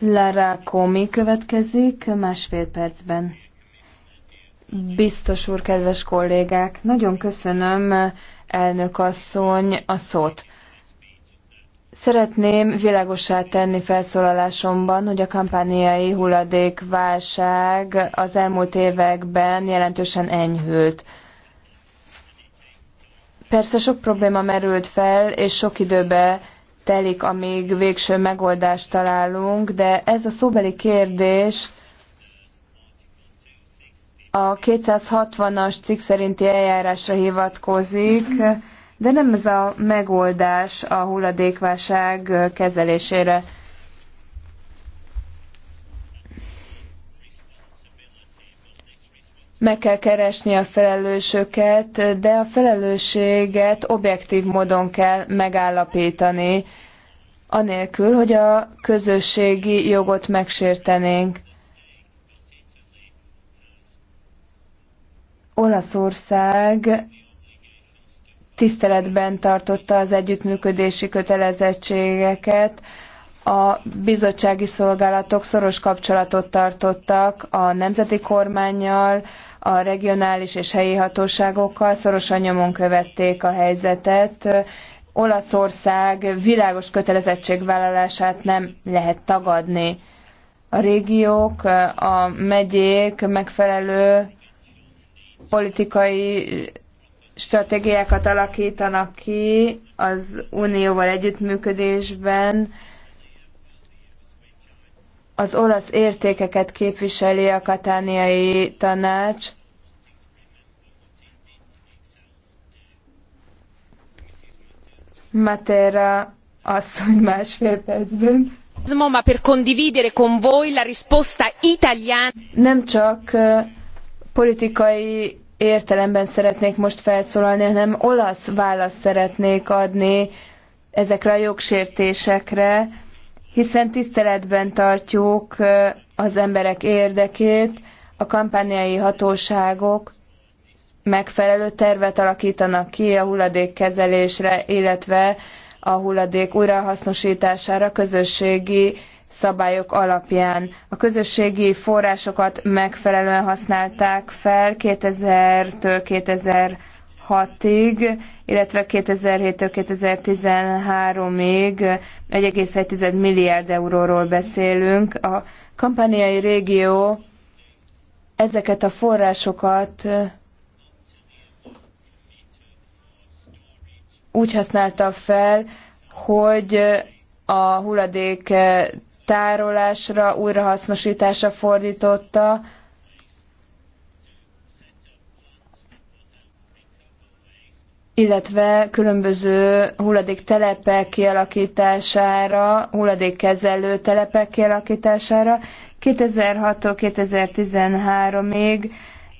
Lara Komi következik másfél percben. Biztos úr, kedves kollégák, nagyon köszönöm, elnök asszony, a szót. Szeretném világosá tenni felszólalásomban, hogy a kampániai hulladékválság az elmúlt években jelentősen enyhült. Persze sok probléma merült fel, és sok időbe telik, amíg végső megoldást találunk, de ez a szóbeli kérdés a 260-as cikk szerinti eljárásra hivatkozik, de nem ez a megoldás a hulladékválság kezelésére. Meg kell keresni a felelősöket, de a felelősséget objektív módon kell megállapítani, anélkül, hogy a közösségi jogot megsértenénk. Olaszország tiszteletben tartotta az együttműködési kötelezettségeket, a bizottsági szolgálatok szoros kapcsolatot tartottak a nemzeti kormányjal, a regionális és helyi hatóságokkal, szorosan nyomon követték a helyzetet. Olaszország világos kötelezettségvállalását nem lehet tagadni. A régiók, a megyék megfelelő politikai stratégiákat alakítanak ki az Unióval együttműködésben, az olasz értékeket képviseli a katániai tanács, Matera asszony másfél percben. Ma per condividere con voi la risposta italiana. Nem csak eh, politikai értelemben szeretnék most felszólalni, hanem olasz választ szeretnék adni ezekre a jogsértésekre, hiszen tiszteletben tartjuk az emberek érdekét, a kampányai hatóságok megfelelő tervet alakítanak ki a hulladékkezelésre, illetve a hulladék újrahasznosítására, közösségi szabályok alapján. A közösségi forrásokat megfelelően használták fel 2000-től 2006-ig, illetve 2007-től 2013-ig 1,1 milliárd euróról beszélünk. A kampániai régió ezeket a forrásokat úgy használta fel, hogy a hulladék tárolásra, újrahasznosításra fordította. illetve különböző hulladéktelepek kialakítására, hulladékkezelő telepek kialakítására. 2006-tól 2013-ig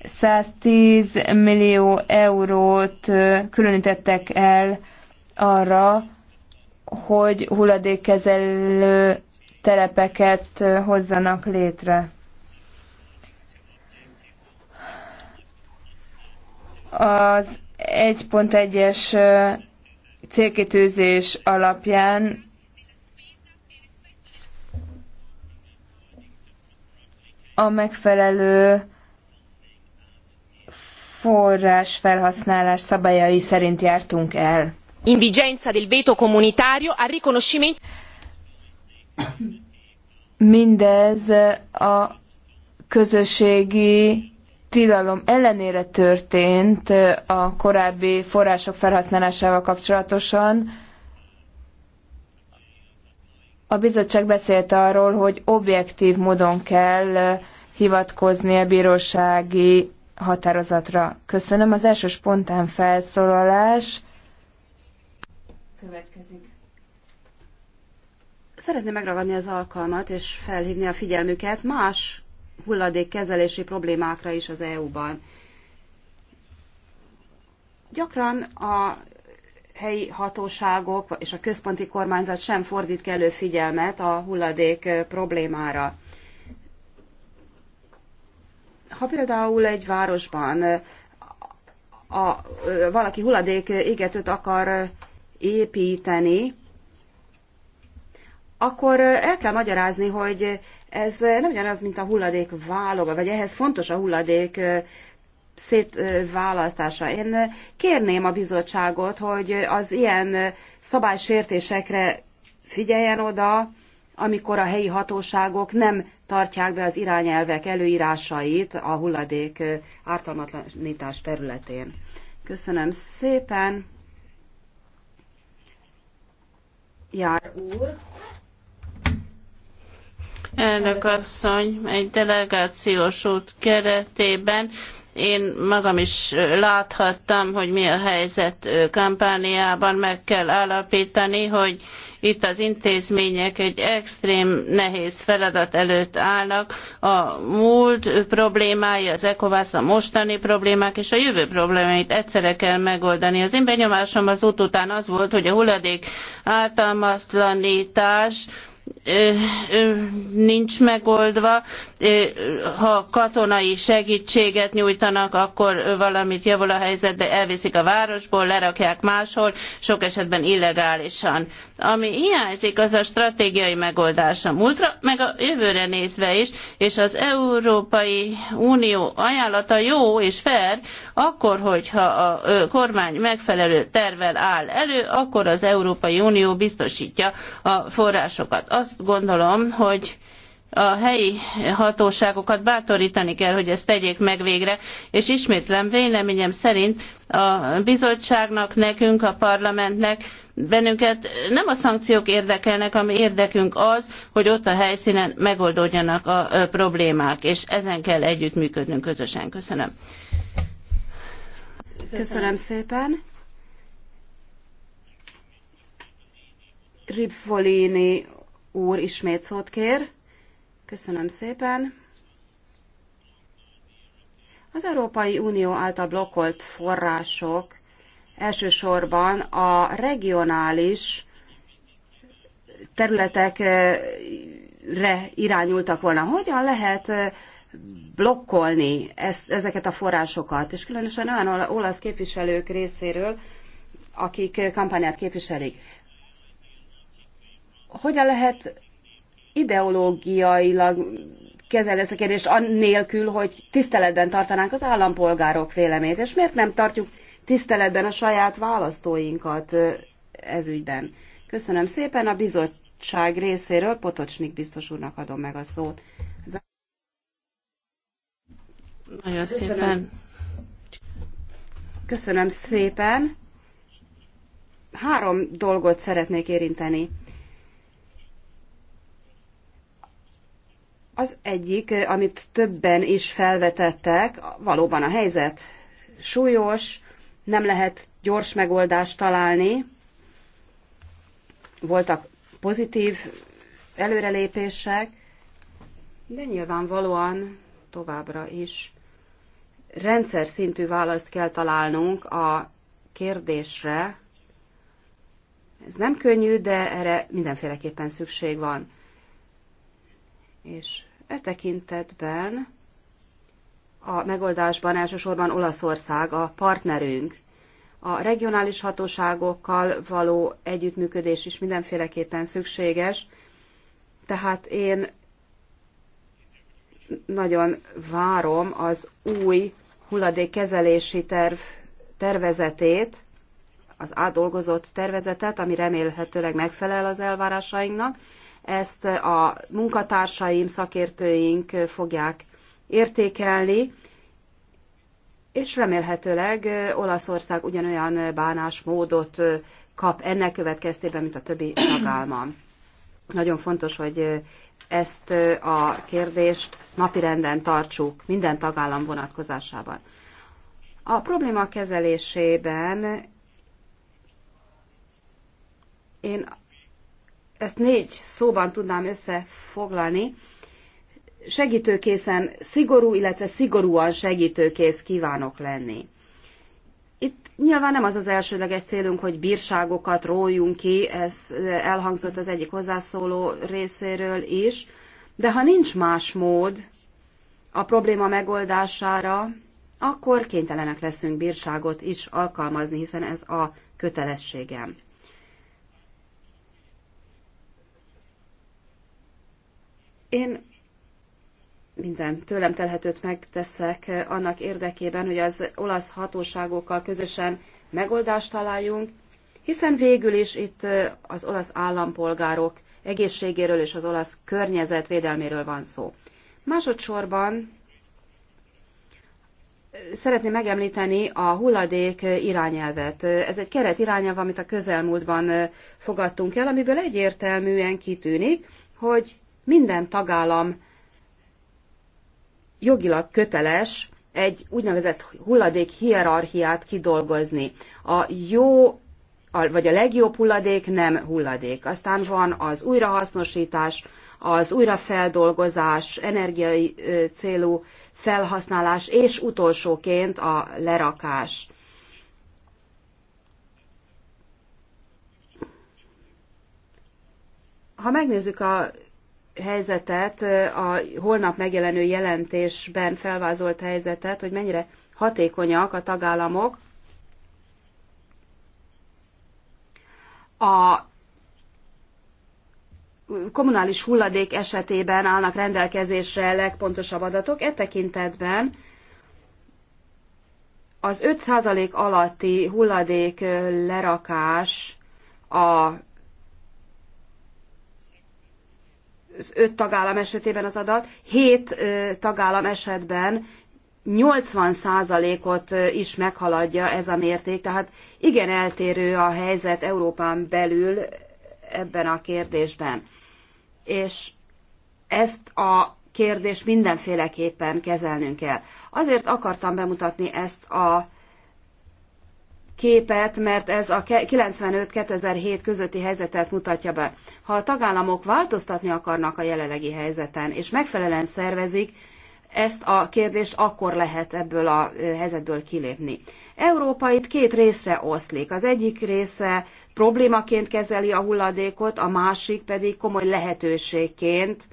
110 millió eurót különítettek el arra, hogy hulladékkezelő telepeket hozzanak létre. Az 1.1-es célkitűzés alapján a megfelelő forrás felhasználás szabályai szerint jártunk el. Indigenza del veto comunitario al riconoscimento Mindez a közösségi tilalom ellenére történt a korábbi források felhasználásával kapcsolatosan. A bizottság beszélt arról, hogy objektív módon kell hivatkozni a bírósági határozatra. Köszönöm. Az első spontán felszólalás következik. Szeretném megragadni az alkalmat és felhívni a figyelmüket más hulladékkezelési problémákra is az EU-ban. Gyakran a helyi hatóságok és a központi kormányzat sem fordít kellő figyelmet a hulladék problémára. Ha például egy városban a, a, valaki hulladék égetőt akar építeni, akkor el kell magyarázni, hogy ez nem ugyanaz, mint a hulladék válogat, vagy ehhez fontos a hulladék szétválasztása. Én kérném a bizottságot, hogy az ilyen szabálysértésekre figyeljen oda, amikor a helyi hatóságok nem tartják be az irányelvek előírásait a hulladék ártalmatlanítás területén. Köszönöm szépen. Jár úr. Elnök asszony, egy delegációs út keretében én magam is láthattam, hogy mi a helyzet kampániában, meg kell állapítani, hogy itt az intézmények egy extrém nehéz feladat előtt állnak. A múlt problémái, az ECOWAS, a mostani problémák és a jövő problémáit egyszerre kell megoldani. Az én benyomásom az út után az volt, hogy a hulladék általmatlanítás, nincs megoldva. Ha katonai segítséget nyújtanak, akkor valamit javul a helyzet, de elviszik a városból, lerakják máshol, sok esetben illegálisan. Ami hiányzik, az a stratégiai megoldás a múltra, meg a jövőre nézve is, és az Európai Unió ajánlata jó és fair, akkor, hogyha a kormány megfelelő tervel áll elő, akkor az Európai Unió biztosítja a forrásokat. Azt gondolom, hogy a helyi hatóságokat bátorítani kell, hogy ezt tegyék meg végre, és ismétlem véleményem szerint a bizottságnak, nekünk, a parlamentnek, bennünket nem a szankciók érdekelnek, ami érdekünk az, hogy ott a helyszínen megoldódjanak a problémák, és ezen kell együttműködnünk közösen. Köszönöm. Köszönöm szépen. Ripfolini úr ismét szót kér. Köszönöm szépen. Az Európai Unió által blokkolt források elsősorban a regionális területekre irányultak volna. Hogyan lehet blokkolni ezt, ezeket a forrásokat, és különösen olyan olasz képviselők részéről, akik kampányát képviselik. Hogyan lehet ideológiailag kezelni ezt a kérdést annélkül, hogy tiszteletben tartanánk az állampolgárok véleményét, és miért nem tartjuk tiszteletben a saját választóinkat ezügyben. Köszönöm szépen a bizottság részéről, Potocsnik biztos úrnak adom meg a szót. Nagyon Köszönöm. szépen. Köszönöm szépen. Három dolgot szeretnék érinteni. Az egyik, eh, amit többen is felvetettek, valóban a helyzet súlyos, nem lehet gyors megoldást találni. Voltak pozitív előrelépések, de nyilvánvalóan továbbra is rendszer szintű választ kell találnunk a kérdésre. Ez nem könnyű, de erre mindenféleképpen szükség van. És E tekintetben a megoldásban elsősorban Olaszország a partnerünk. A regionális hatóságokkal való együttműködés is mindenféleképpen szükséges, tehát én nagyon várom az új hulladékkezelési terv tervezetét, az átdolgozott tervezetet, ami remélhetőleg megfelel az elvárásainknak, ezt a munkatársaim, szakértőink fogják értékelni, és remélhetőleg Olaszország ugyanolyan bánásmódot kap ennek következtében, mint a többi tagállam. Nagyon fontos, hogy ezt a kérdést napirenden tartsuk minden tagállam vonatkozásában. A probléma kezelésében én ezt négy szóban tudnám összefoglalni. Segítőkészen szigorú, illetve szigorúan segítőkész kívánok lenni. Itt nyilván nem az az elsőleges célunk, hogy bírságokat róljunk ki, ez elhangzott az egyik hozzászóló részéről is, de ha nincs más mód a probléma megoldására, akkor kénytelenek leszünk bírságot is alkalmazni, hiszen ez a kötelességem. Én minden tőlem telhetőt megteszek annak érdekében, hogy az olasz hatóságokkal közösen megoldást találjunk, hiszen végül is itt az olasz állampolgárok egészségéről és az olasz környezet védelméről van szó. Másodszorban szeretném megemlíteni a hulladék irányelvet. Ez egy keret irányelv, amit a közelmúltban fogadtunk el, amiből egyértelműen kitűnik, hogy minden tagállam jogilag köteles egy úgynevezett hulladék hierarchiát kidolgozni. A jó vagy a legjobb hulladék nem hulladék. Aztán van az újrahasznosítás, az újrafeldolgozás, energiai célú felhasználás, és utolsóként a lerakás. Ha megnézzük a helyzetet, a holnap megjelenő jelentésben felvázolt helyzetet, hogy mennyire hatékonyak a tagállamok a kommunális hulladék esetében állnak rendelkezésre legpontosabb adatok. E tekintetben az 5% alatti hulladék lerakás a öt tagállam esetében az adat, hét tagállam esetben 80%-ot is meghaladja ez a mérték, tehát igen eltérő a helyzet Európán belül ebben a kérdésben. És ezt a kérdést mindenféleképpen kezelnünk kell. Azért akartam bemutatni ezt a képet, mert ez a 95-2007 közötti helyzetet mutatja be. Ha a tagállamok változtatni akarnak a jelenlegi helyzeten, és megfelelően szervezik, ezt a kérdést akkor lehet ebből a helyzetből kilépni. Európa itt két részre oszlik. Az egyik része problémaként kezeli a hulladékot, a másik pedig komoly lehetőségként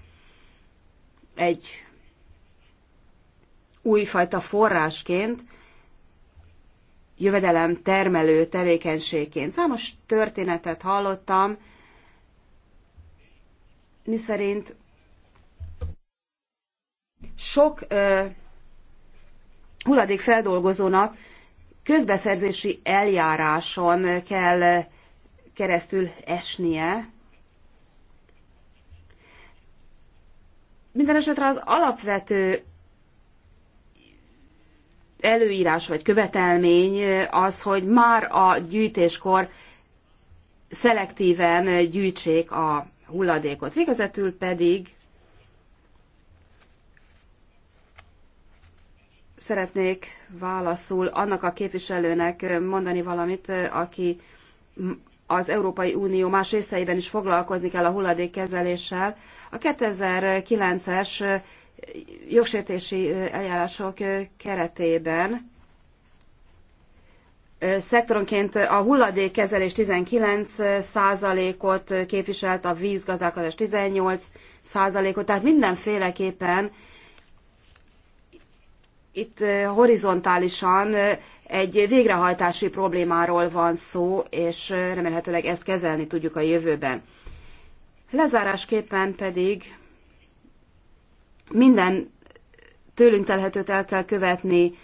egy újfajta forrásként, jövedelem termelő tevékenységként. Számos történetet hallottam, miszerint sok ö, hulladékfeldolgozónak közbeszerzési eljáráson kell keresztül esnie. Minden esetre az alapvető előírás vagy követelmény az, hogy már a gyűjtéskor szelektíven gyűjtsék a hulladékot. Végezetül pedig szeretnék válaszul annak a képviselőnek mondani valamit, aki az Európai Unió más részeiben is foglalkozni kell a hulladékkezeléssel. A 2009-es jogsértési eljárások keretében szektoronként a hulladékkezelés 19%-ot képviselt, a vízgazdálkodás 18%-ot, tehát mindenféleképpen itt horizontálisan egy végrehajtási problémáról van szó, és remélhetőleg ezt kezelni tudjuk a jövőben. Lezárásképpen pedig minden tőlünk telhetőt el kell követni,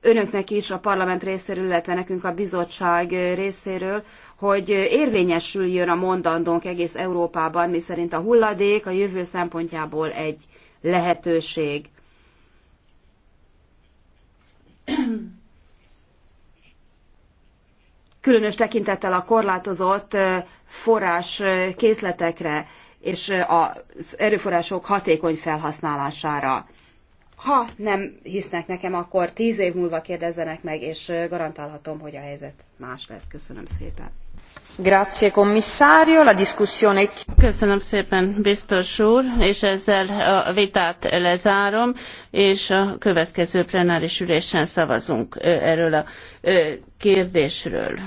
önöknek is a parlament részéről, illetve nekünk a bizottság részéről, hogy érvényesüljön a mondandónk egész Európában, miszerint a hulladék a jövő szempontjából egy lehetőség. Különös tekintettel a korlátozott eh, forrás eh, készletekre és az erőforrások hatékony felhasználására. Ha nem hisznek nekem, akkor tíz év múlva kérdezzenek meg, és garantálhatom, hogy a helyzet más lesz. Köszönöm szépen. Grazie commissario, la discussione... Köszönöm szépen, biztos úr, és ezzel a vitát lezárom, és a következő plenáris ülésen szavazunk erről a kérdésről.